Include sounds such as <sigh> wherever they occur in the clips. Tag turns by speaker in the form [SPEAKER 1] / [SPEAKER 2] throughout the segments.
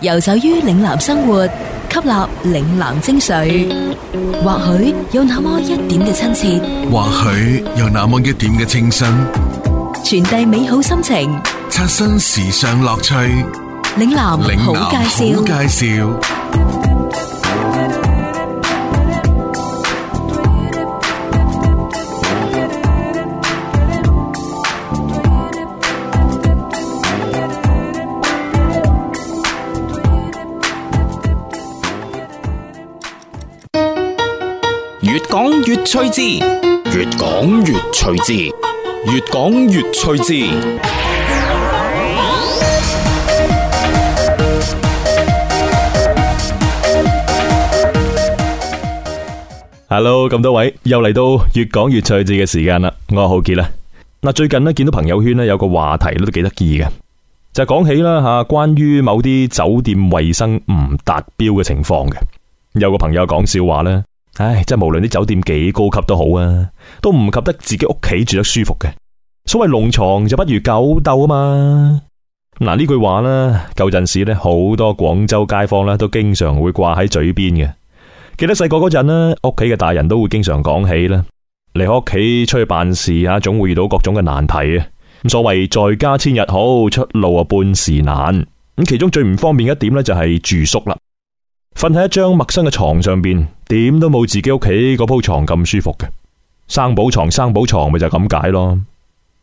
[SPEAKER 1] 遊走於嶺南生活，吸納嶺南精髓，或許有那麼一點嘅親切，
[SPEAKER 2] 或許有那麼一點嘅清新，
[SPEAKER 1] 傳遞美好心情，
[SPEAKER 2] 刷新時尚樂趣。
[SPEAKER 1] 嶺南好介
[SPEAKER 2] 紹。
[SPEAKER 3] 講越趣致，越講越趣致，越講越趣致。
[SPEAKER 4] Hello，咁多位又嚟到越講越趣致嘅時間啦！我係浩杰啊。嗱，最近咧見到朋友圈咧有個話題都幾得意嘅，就係講起啦吓，關於某啲酒店衛生唔達標嘅情況嘅，有個朋友講笑話呢。唉，即係無論啲酒店幾高級都好啊，都唔及得自己屋企住得舒服嘅。所謂龍床就不如狗竇啊嘛。嗱、啊、呢句話呢，舊陣時呢，好多廣州街坊呢都經常會掛喺嘴邊嘅。記得細個嗰陣呢，屋企嘅大人都會經常講起啦。離開屋企出去辦事啊，總會遇到各種嘅難題啊。咁所謂在家千日好，出路啊半時難。咁其中最唔方便一點呢，就係住宿啦。瞓喺一張陌生嘅床上邊，點都冇自己屋企嗰鋪床咁舒服嘅。生寶床，生寶床咪就咁解咯。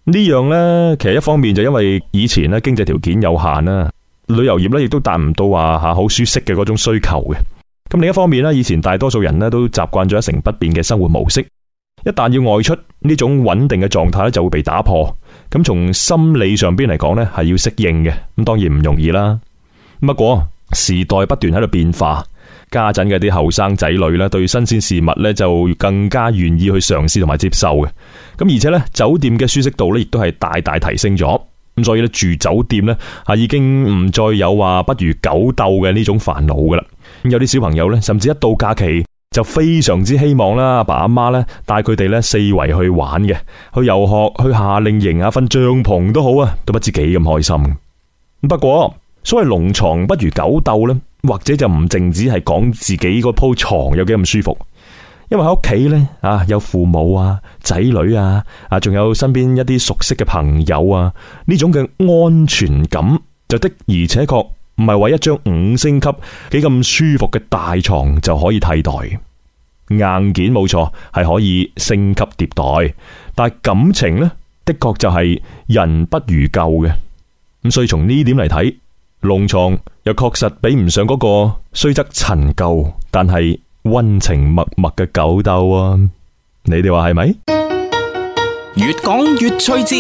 [SPEAKER 4] 呢樣呢，其實一方面就因為以前咧經濟條件有限啦，旅遊業咧亦都達唔到話吓好舒適嘅嗰種需求嘅。咁另一方面呢，以前大多數人呢都習慣咗一成不變嘅生活模式，一旦要外出，呢種穩定嘅狀態咧就會被打破。咁從心理上邊嚟講呢，係要適應嘅。咁當然唔容易啦。不過，時代不斷喺度變化，家陣嘅啲後生仔女咧，對新鮮事物咧就更加願意去嘗試同埋接受嘅。咁而且咧，酒店嘅舒適度咧亦都係大大提升咗。咁所以咧，住酒店咧啊，已經唔再有話不如狗斗嘅呢種煩惱噶啦。咁有啲小朋友咧，甚至一到假期就非常之希望啦，阿爸阿媽咧帶佢哋咧四圍去玩嘅，去遊學，去夏令營啊，瞓帳篷都好啊，都不知幾咁開心。不過。所謂龍床不如狗竇呢，或者就唔淨止係講自己個鋪床有幾咁舒服，因為喺屋企呢，啊，有父母啊、仔女啊啊，仲有身邊一啲熟悉嘅朋友啊，呢種嘅安全感就的而且確唔係為一張五星級幾咁舒服嘅大床就可以替代。硬件冇錯係可以升級迭代，但係感情呢，的確就係人不如舊嘅，咁所以從呢點嚟睇。農場又確實比唔上嗰個雖則陳舊，但係溫情脈脈嘅狗竇啊！你哋話係咪？越講越趣致，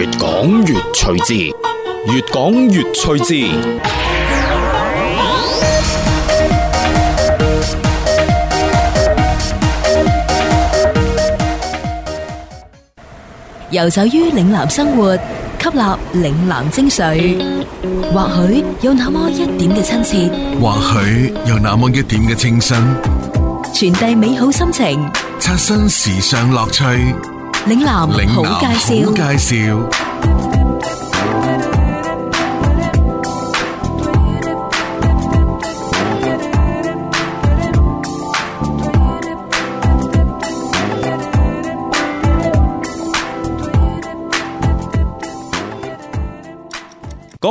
[SPEAKER 4] 越講越趣致，越講越趣致。
[SPEAKER 1] 游走於嶺南生活。吸納嶺南精髓，或許有那麼一點嘅親切，
[SPEAKER 2] 或許有那麼一點嘅清新，
[SPEAKER 1] 傳遞美好心情，
[SPEAKER 2] 刷新時尚樂趣。
[SPEAKER 1] 嶺南好介
[SPEAKER 2] 紹。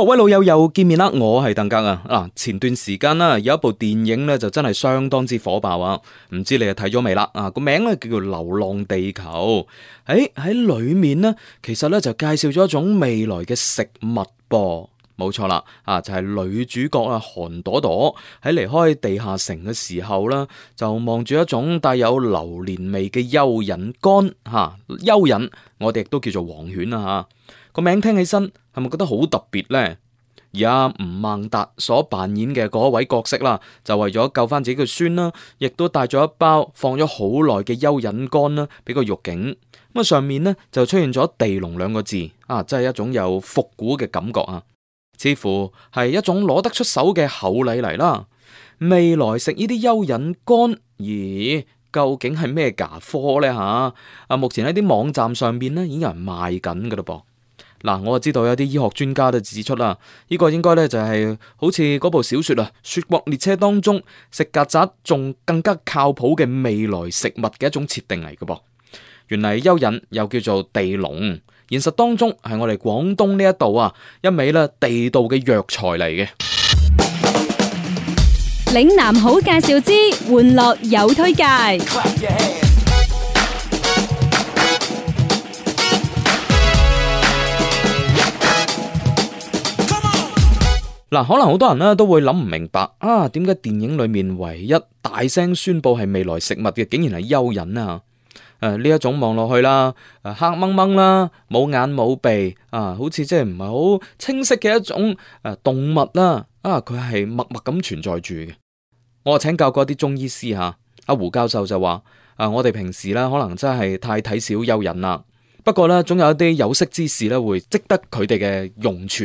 [SPEAKER 3] 各位、哦、老友又見面啦，我係鄧格啊！嗱，前段時間啦，有一部電影咧就真係相當之火爆啊！唔知你哋睇咗未啦？啊個名咧叫做《流浪地球》。誒、哎、喺裏面呢，其實咧就介紹咗一種未來嘅食物噃、啊，冇錯啦！啊就係、是、女主角啊韓朵朵喺離開地下城嘅時候啦，就望住一種帶有榴蓮味嘅蚯蚓乾吓，蚯、啊、蚓我哋亦都叫做黃犬啊。吓。個名聽起身係咪覺得好特別呢？而阿吳孟達所扮演嘅嗰位角色啦，就為咗救翻自己嘅孫啦，亦都帶咗一包放咗好耐嘅蚯蚓乾啦俾個獄警。咁啊，上面呢就出現咗地龍兩個字，啊，真係一種有復古嘅感覺啊，似乎係一種攞得出手嘅厚禮嚟啦。未來食呢啲蚯蚓乾，咦，究竟係咩假科呢？吓，啊，目前喺啲網站上邊呢已經有人賣緊噶啦噃。嗱、啊，我知道有啲醫學專家都指出啦，呢個應該呢就係好似嗰部小說啊《雪國列車》當中食曱甴仲更加靠譜嘅未來食物嘅一種設定嚟嘅噃。原嚟蚯蚓又叫做地龍，現實當中係我哋廣東呢一度啊一味啦地道嘅藥材嚟嘅。
[SPEAKER 5] 嶺南好介紹之，玩樂有推介。
[SPEAKER 3] 嗱，可能好多人咧都會諗唔明白啊，點解電影裏面唯一大聲宣佈係未來食物嘅，竟然係蚯蚓啊？誒呢一種望落去啦，誒、啊、黑掹掹啦，冇眼冇鼻啊，好似即係唔係好清晰嘅一種誒動物啦？啊，佢係、啊啊、默默咁存在住嘅。我請教過一啲中醫師嚇，阿、啊、胡教授就話：啊，我哋平時咧可能真係太睇小蚯蚓啦。不過咧，總有一啲有識之士咧會值得佢哋嘅用處。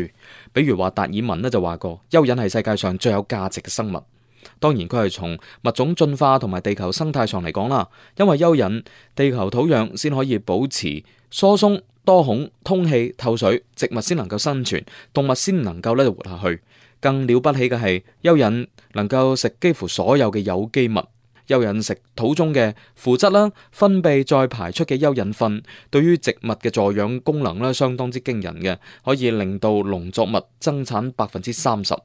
[SPEAKER 3] 比如話達爾文咧就話過蚯蚓係世界上最有價值嘅生物，當然佢係從物種進化同埋地球生態上嚟講啦，因為蚯蚓，地球土壤先可以保持疏鬆、多孔、通氣、透水，植物先能夠生存，動物先能夠咧活下去。更了不起嘅係，蚯蚓能夠食幾乎所有嘅有機物。蚯蚓食土中嘅腐質啦，分泌再排出嘅蚯蚓糞，對於植物嘅助養功能咧，相當之驚人嘅，可以令到農作物增產百分之三十。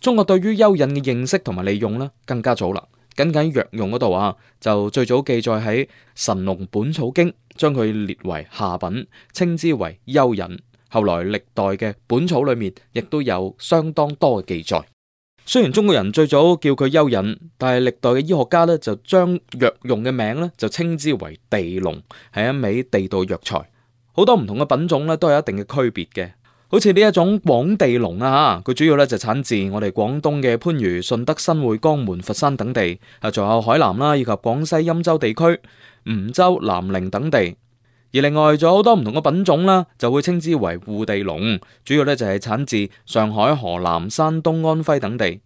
[SPEAKER 3] 中國對於蚯蚓嘅認識同埋利用咧，更加早啦。僅僅藥用嗰度啊，就最早記載喺《神農本草經》，將佢列為下品，稱之為蚯蚓。後來歷代嘅本草裏面亦都有相當多嘅記載。雖然中國人最早叫佢蚯蚓，但係歷代嘅醫學家咧就將藥用嘅名咧就稱之為地龍，係一味地道藥材。好多唔同嘅品種咧都有一定嘅區別嘅。好似呢一種廣地龍啊，佢主要咧就產自我哋廣東嘅番禺、順德、新會、江門、佛山等地，啊，仲有海南啦，以及廣西欽州地區、梧州、南寧等地。而另外仲有好多唔同嘅品種啦，就會稱之為滬地龍，主要咧就係產自上海、河南、山東、安徽等地。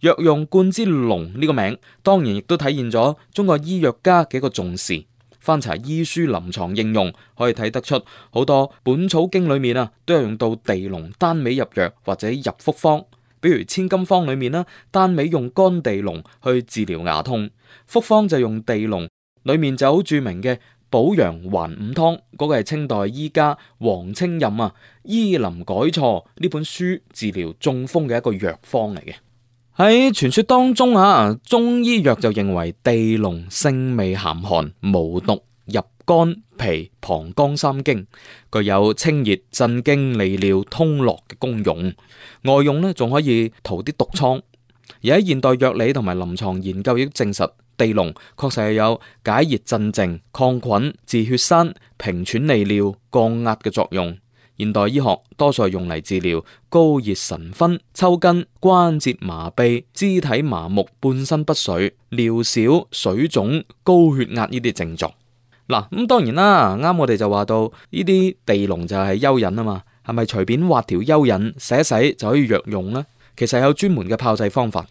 [SPEAKER 3] 藥用冠之龍呢個名，當然亦都體現咗中國醫藥家嘅一個重視。翻查醫書臨牀應用，可以睇得出好多《本草經》裏面啊，都有用到地龍、單味入藥或者入復方。比如千金方裏面啦，單味用乾地龍去治療牙痛；復方就用地龍，裏面就好著名嘅。補陽還五湯嗰、那個係清代醫家王清任啊《醫林改錯》呢本書治療中風嘅一個藥方嚟嘅。喺、哎、傳說當中啊，中醫藥就認為地龍性味鹹寒，無毒，入肝、脾、膀胱三經，具有清熱、鎮驚、利尿、通絡嘅功用。外用呢，仲可以塗啲毒瘡，而喺現代藥理同埋臨床研究亦證實。地龍確實係有解熱鎮靜、抗菌、治血栓、平喘利尿、降壓嘅作用。現代醫學多數係用嚟治療高熱、神昏、抽筋、關節麻痹、肢體麻木、半身不遂、尿少、水腫、高血壓呢啲症狀。嗱，咁、嗯、當然啦，啱我哋就話到呢啲地龍就係蚯蚓啊嘛，係咪隨便挖條蚯蚓洗一洗就可以藥用呢？其實有專門嘅炮製方法，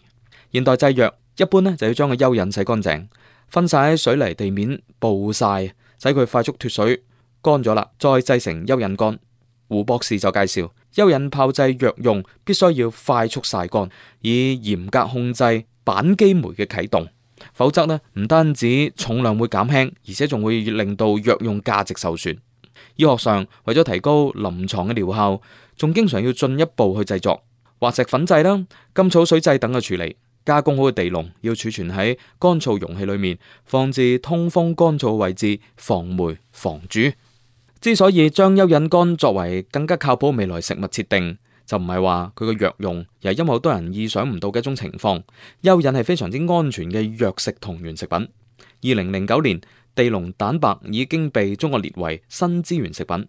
[SPEAKER 3] 現代製藥。一般呢就要將個蚯蚓洗乾淨，分晒喺水泥地面曝曬，使佢快速脫水乾咗啦，再製成蚯蚓乾。胡博士就介紹，蚯蚓炮製藥用，必須要快速曬乾，以嚴格控制板基酶嘅啟動，否則呢唔單止重量會減輕，而且仲會令到藥用價值受損。醫學上為咗提高臨床嘅療效，仲經常要進一步去製作滑石粉製啦、甘草水製等嘅處理。加工好嘅地龍要儲存喺乾燥容器裏面，放置通風乾燥位置，防霉防蛀。之所以將蚯蚓乾作為更加靠譜未來食物設定，就唔係話佢個藥用，而係因為好多人意想唔到嘅一種情況。蚯蚓係非常之安全嘅藥食同源食品。二零零九年，地龍蛋白已經被中國列為新資源食品，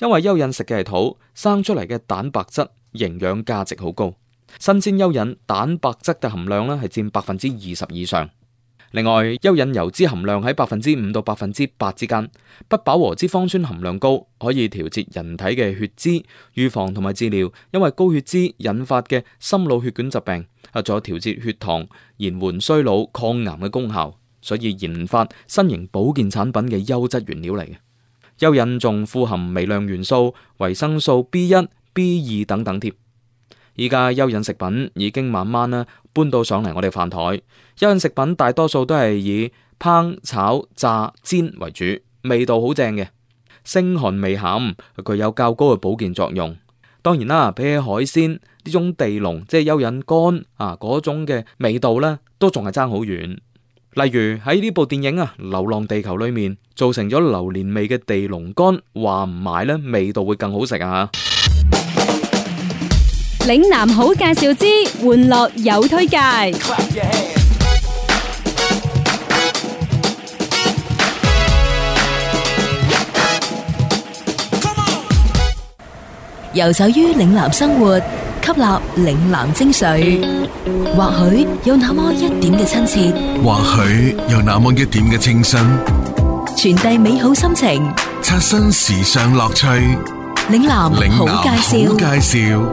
[SPEAKER 3] 因為蚯蚓食嘅係土，生出嚟嘅蛋白質營養價值好高。新鮮蚯蚓蛋白質嘅含量呢係佔百分之二十以上，另外蚯蚓油脂含量喺百分之五到百分之八之間，不飽和脂肪酸含量高，可以調節人體嘅血脂，預防同埋治療因為高血脂引發嘅心腦血管疾病啊，仲有調節血糖、延緩衰老、抗癌嘅功效，所以研發新型保健產品嘅優質原料嚟嘅。蚯蚓仲富含微量元素、維生素 B 一、B 二等等添。依家蚯蚓食品已經慢慢咧搬到上嚟我哋飯檯。蚯蚓食品大多數都係以烹炒炸煎為主，味道好正嘅，性寒味鹹，具有較高嘅保健作用。當然啦，比起海鮮呢種地龍，即係蚯蚓乾啊嗰種嘅味道呢，都仲係爭好遠。例如喺呢部電影啊《流浪地球》裏面，造成咗榴蓮味嘅地龍乾，話唔埋呢，味道會更好食啊！
[SPEAKER 5] 嶺南好介紹之，玩樂有推介。
[SPEAKER 1] 遊走於嶺南生活，吸納嶺南精髓，或許有那麼一點嘅親切，
[SPEAKER 2] 或許有那麼一點嘅清新，
[SPEAKER 1] 傳遞美好心情，
[SPEAKER 2] 刷新時尚樂趣。
[SPEAKER 1] 嶺南好介紹。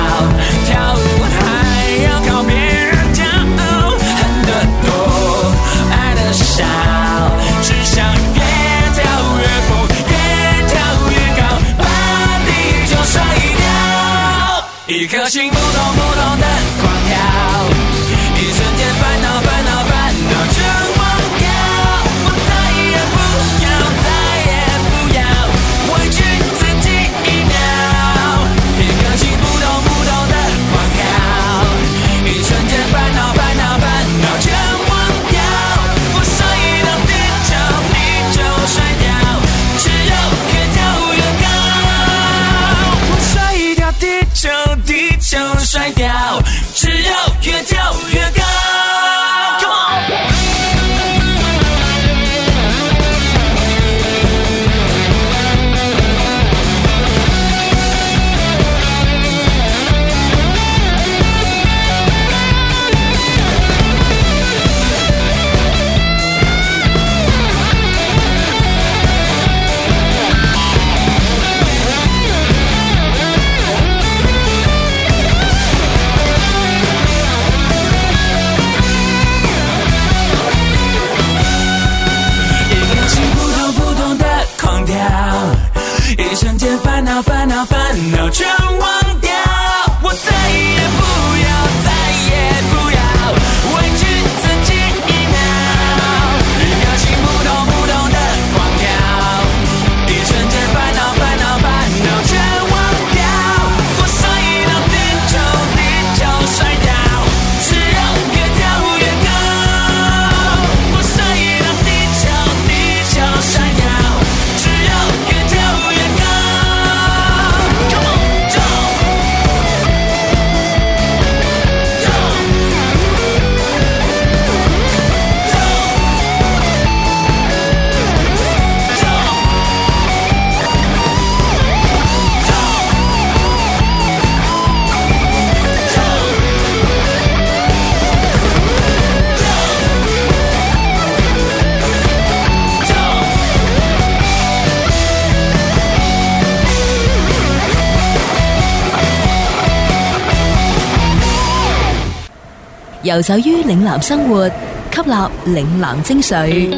[SPEAKER 1] 遊走於嶺南生活，吸納嶺南精髓，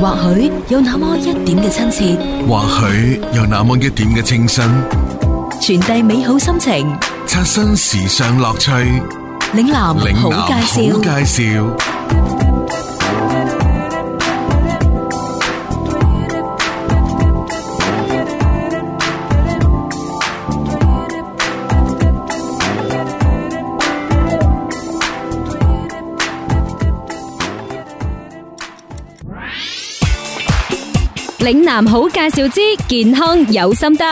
[SPEAKER 1] 或許有那麼一點嘅親切，或許
[SPEAKER 2] 有那麼一點嘅清新，
[SPEAKER 1] 傳遞美好心情，
[SPEAKER 2] 刷新時尚樂趣。
[SPEAKER 1] 嶺南好介
[SPEAKER 2] 紹。
[SPEAKER 5] 嶺南好介紹之健康有心得。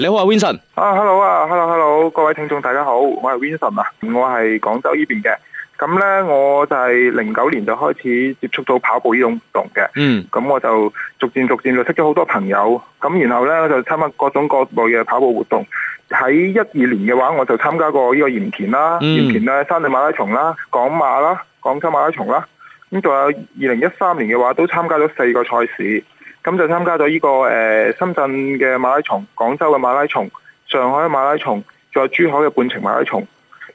[SPEAKER 3] 你好啊，Vincent。
[SPEAKER 6] 啊，Hello 啊，Hello Hello，各位聽眾大家好，我係 Vincent 啊，我係廣州呢邊嘅。咁呢，我就係零九年就開始接觸到跑步呢種活動嘅。嗯。咁我就逐漸逐漸就識咗好多朋友。咁然後呢我就參加各種各類嘅跑步活動。喺一二年嘅話，我就參加過呢個鹽田啦、鹽田啊、山地馬拉松啦、廣馬啦、廣州馬拉松啦。咁仲有二零一三年嘅話，都參加咗四個賽事，咁就參加咗依、這個、呃、深圳嘅馬拉松、廣州嘅馬拉松、上海嘅馬拉松，仲有珠海嘅半程馬拉松。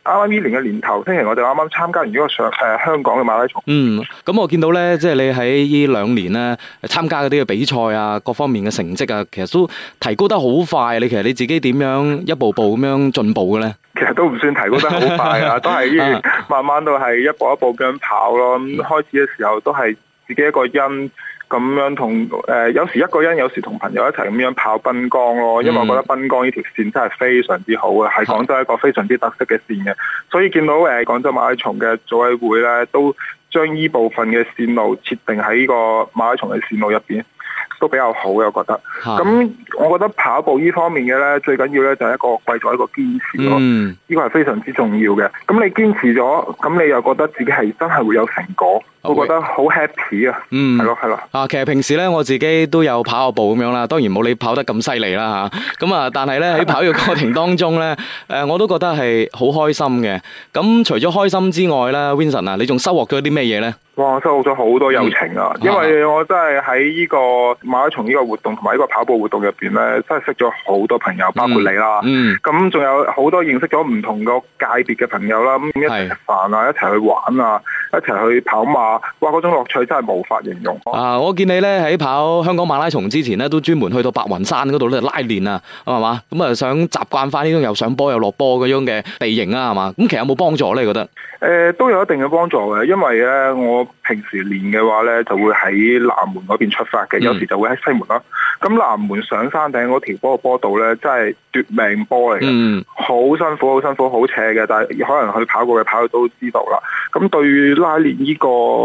[SPEAKER 6] 啱啱呢年嘅年頭，
[SPEAKER 3] 之前我哋啱啱參加完呢個上誒、呃、香港嘅馬拉松。嗯，咁我見到咧，即係你喺呢兩年咧參加嗰啲嘅比賽啊，各方面嘅成績啊，其實都提高得好快。你其實你自己點樣一步步咁樣進步嘅咧？其實
[SPEAKER 6] 都唔算提高得好快啊， <laughs> 都係慢慢都係一步一步咁樣跑咯、啊。咁 <laughs> 開始嘅時候都係自己一個音。咁樣同誒、呃、有時一個人，有時同朋友一齊咁樣跑濱江咯，嗯、因為我覺得濱江呢條線真係非常之好嘅，係廣州一個非常之特色嘅線嘅。嗯、所以見到誒廣、呃、州馬拉松嘅組委會咧，都將呢部分嘅線路設定喺呢個馬拉松嘅線路入邊，都比較好嘅，我覺得。咁、嗯、我覺得跑步呢方面嘅咧，最緊要咧就係一個貴在一個堅
[SPEAKER 7] 持咯。嗯，呢
[SPEAKER 6] 個係非常之重要嘅。咁你堅持咗，咁你又覺得自己係真係會有成果。我覺得好 happy 啊，
[SPEAKER 7] 嗯，
[SPEAKER 3] 係咯係咯，啊，其實平時咧我自己都有跑下步咁樣啦，當然冇你跑得咁犀利啦吓，咁啊，但係咧喺跑嘅過程當中咧，誒、 <laughs> 呃，我都覺得係好開心嘅。咁、啊、除咗開心之外咧，Vincent 啊，你仲收穫咗啲咩嘢咧？
[SPEAKER 6] 哇，收穫咗好多友情啊，嗯、因為我真係喺呢個馬拉松呢個活動同埋呢個跑步活動入邊咧，真係識咗好多朋友，包括你啦，咁仲、嗯嗯、有好多認識咗唔同個界別嘅朋友啦，咁一齊食飯啊，一齊去玩啊，一齊去，去跑馬。話嗰種樂趣真係無法形容
[SPEAKER 3] 啊。啊，我見你咧喺跑香港馬拉松之前咧，都專門去到白雲山嗰度咧拉練啊，係嘛？咁、嗯、啊，嗯、想習慣翻呢種又上坡又落波嗰種嘅地形啊，係嘛？咁、嗯、其實有冇幫助咧？你覺得有
[SPEAKER 6] 有？誒、呃，都有一定嘅幫助嘅，因為咧我平時練嘅話咧，就會喺南門嗰邊出發嘅，嗯、有時就會喺西門啦、啊。咁南門上山頂嗰條波嘅波道咧，真係奪命波嚟嘅，嗯，好辛苦，好辛苦，好斜嘅。但係可能去跑過去，跑去都知道啦。咁對於拉練呢、這個。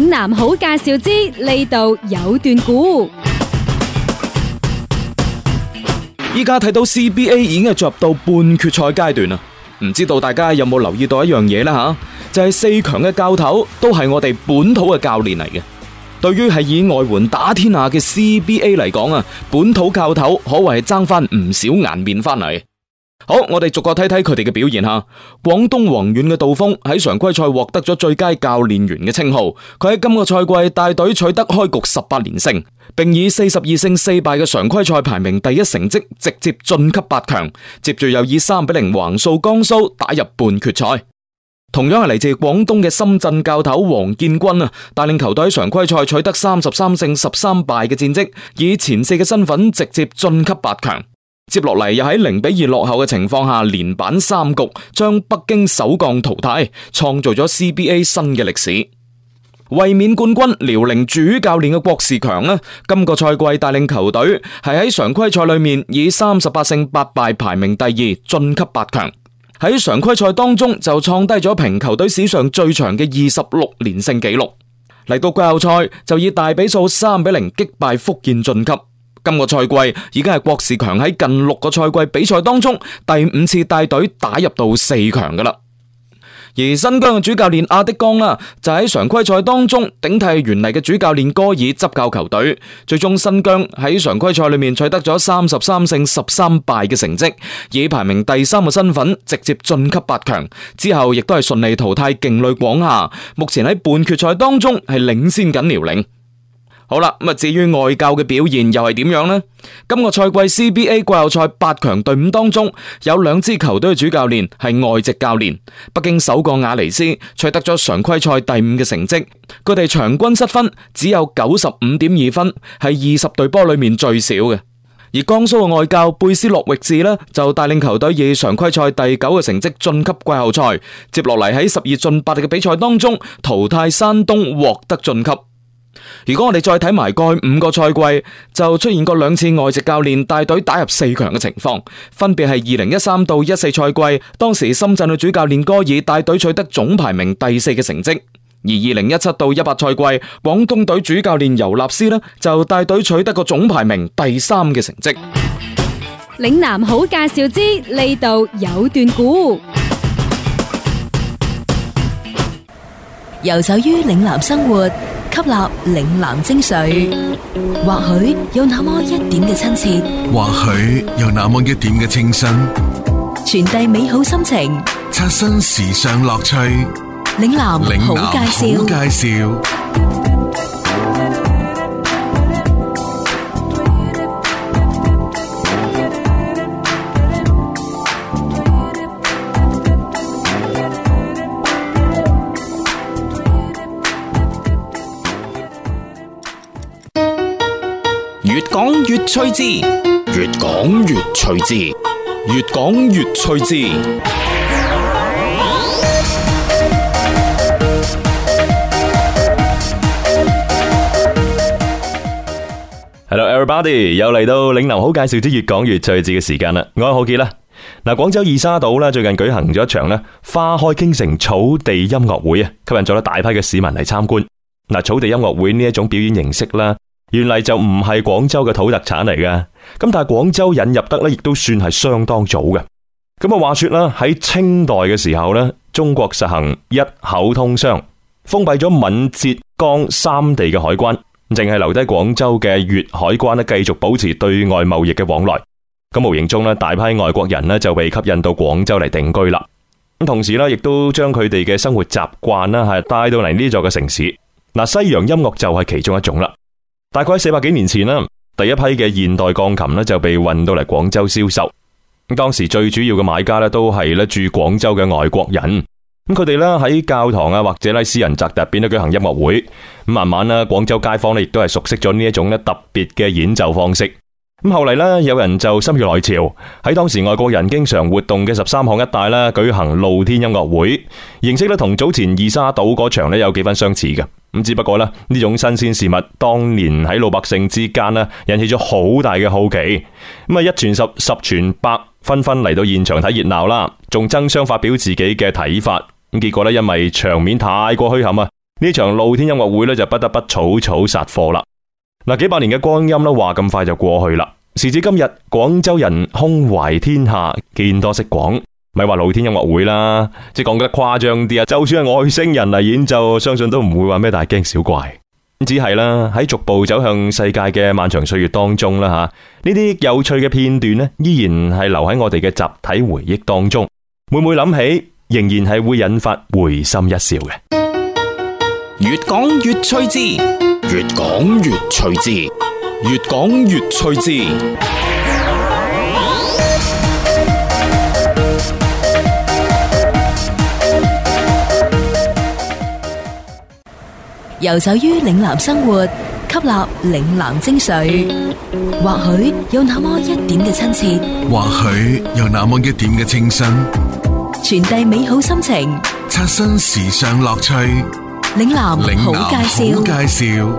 [SPEAKER 5] 嶺南好介紹之，呢度有段古。
[SPEAKER 3] 依家睇到 CBA 已經係進入到半決賽階段啦，唔知道大家有冇留意到一樣嘢啦吓？就係四強嘅教頭都係我哋本土嘅教練嚟嘅。對於係以外援打天下嘅 CBA 嚟講啊，本土教頭可謂係爭翻唔少顏面翻嚟。好，我哋逐個睇睇佢哋嘅表現吓。廣東宏遠嘅杜鋒喺常規賽獲得咗最佳教練員嘅稱號，佢喺今個賽季帶隊取得開局十八連勝，並以四十二勝四敗嘅常規賽排名第一成績直接晉級八強，接住又以三比零橫掃江蘇，打入半決賽。同樣係嚟自廣東嘅深圳教頭王建軍啊，帶領球隊常規賽取得三十三勝十三敗嘅戰績，以前四嘅身份直接晉級八強。接落嚟又喺零比二落後嘅情況下，連扳三局，將北京首鋼淘汰，創造咗 CBA 新嘅歷史。衛冕冠軍遼寧主教練嘅郭士強咧，今個賽季帶領球隊係喺常規賽裏面以三十八勝八敗排名第二，晉級八強。喺常規賽當中就創低咗平球隊史上最長嘅二十六連勝紀錄。嚟到季後賽就以大比數三比零擊敗福建晉級。今個賽季已經係郭士強喺近六個賽季比賽當中第五次帶隊打入到四強噶啦，而新疆嘅主教練阿的江啦就喺常規賽當中頂替原嚟嘅主教練戈爾執教球隊，最終新疆喺常規賽裏面取得咗三十三勝十三敗嘅成績，以排名第三嘅身份直接晉級八強，之後亦都係順利淘汰勁旅廣廈，目前喺半決賽當中係領先緊遼寧。。好啦，咁啊至於外教嘅表現又係點樣呢？今個賽季 CBA 季後賽八強隊伍當中，有兩支球隊嘅主教練係外籍教練，北京首鋼亞尼斯取得咗常規賽第五嘅成績，佢哋場均失分只有九十五點二分，係二十隊波裏面最少嘅。而江蘇嘅外教貝斯洛域治呢，就帶領球隊以常規賽第九嘅成績晉級季後賽。接落嚟喺十二進八嘅比賽當中，淘汰山東獲得晉級。如果我哋再睇埋過去五個賽季，就出現過兩次外籍教練帶隊打入四強嘅情況，分別係二零一三到一四賽季，當時深圳嘅主教練戈爾帶隊取得總排名第四嘅成績；而二零一七到一八賽季，廣東隊主教練尤納斯呢，就帶隊取得個總排名第三嘅成績。
[SPEAKER 5] 嶺南好介紹之呢度有段古，遊走於
[SPEAKER 1] 嶺南生活。吸納嶺南精髓，或許有那麼一點嘅親切，
[SPEAKER 2] 或許有那麼一點嘅清新，
[SPEAKER 1] 傳遞美好心情，
[SPEAKER 2] 刷新時尚樂趣。
[SPEAKER 1] 嶺南好介
[SPEAKER 2] 紹。
[SPEAKER 3] 趣致，越講越趣致，越講越趣致。
[SPEAKER 4] Hello everybody，又嚟到嶺南好介紹之越講越趣致嘅時間啦！我係浩杰啦。嗱，廣州二沙島啦，最近舉行咗一場呢，花開京城草地音樂會啊，吸引咗一大批嘅市民嚟參觀。嗱，草地音樂會呢一種表演形式啦。原嚟就唔係廣州嘅土特產嚟㗎，咁但係廣州引入得咧，亦都算係相當早嘅。咁啊，話說啦，喺清代嘅時候咧，中國實行一口通商，封閉咗閩、浙江三地嘅海關，淨係留低廣州嘅粵海關咧，繼續保持對外貿易嘅往來。咁無形中咧，大批外國人咧就被吸引到廣州嚟定居啦。咁同時咧，亦都將佢哋嘅生活習慣啦，係帶到嚟呢座嘅城市。嗱，西洋音樂就係其中一種啦。大概喺四百幾年前啦，第一批嘅現代鋼琴咧就被運到嚟廣州銷售。咁當時最主要嘅買家咧都係咧住廣州嘅外國人。咁佢哋咧喺教堂啊或者咧私人宅入邊咧舉行音樂會。慢慢咧，廣州街坊咧亦都係熟悉咗呢一種咧特別嘅演奏方式。咁後嚟咧，有人就心血來潮喺當時外國人經常活動嘅十三行一帶咧舉行露天音樂會，形式咧同早前二沙島嗰場咧有幾分相似嘅。咁只不過呢，呢種新鮮事物當年喺老百姓之間咧，引起咗好大嘅好奇，咁啊一傳十，十傳百，紛紛嚟到現場睇熱鬧啦，仲爭相發表自己嘅睇法。咁結果呢，因為場面太過墟冚啊，呢場露天音樂會呢，就不得不草草煞科啦。嗱，幾百年嘅光陰呢，話咁快就過去啦。時至今日，廣州人胸懷天下，見多識廣。咪話露天音樂會啦，即係講得誇張啲啊！就算係外星人嚟演奏，相信都唔會話咩大驚小怪。只係啦，喺逐步走向世界嘅漫長歲月當中啦，吓呢啲有趣嘅片段呢，依然係留喺我哋嘅集體回憶當中，每每諗起，仍然係會引發會心一笑嘅。
[SPEAKER 3] 越講越趣致，
[SPEAKER 4] 越講越趣致，越講越趣致。
[SPEAKER 1] 遊走於嶺南生活，吸納嶺南精髓，或許有那麼一點嘅親切，
[SPEAKER 2] 或許有那麼一點嘅清新，
[SPEAKER 1] 傳遞美好心情，
[SPEAKER 2] 刷新時尚樂趣。
[SPEAKER 1] 嶺南好介
[SPEAKER 2] 紹，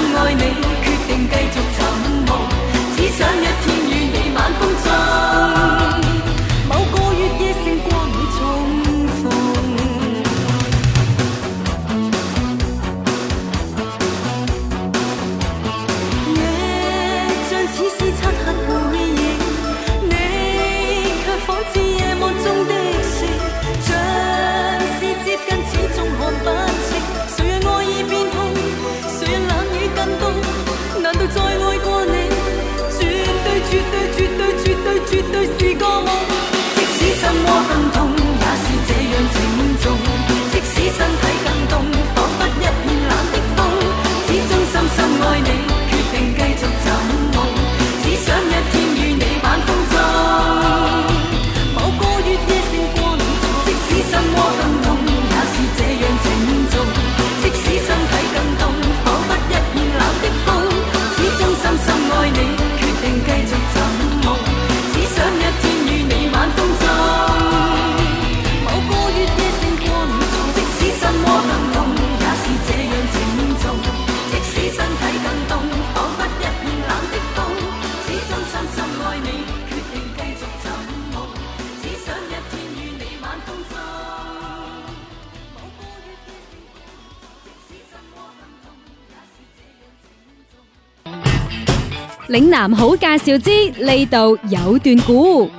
[SPEAKER 8] 深愛你。
[SPEAKER 5] 嶺南好介紹之，呢度有段古。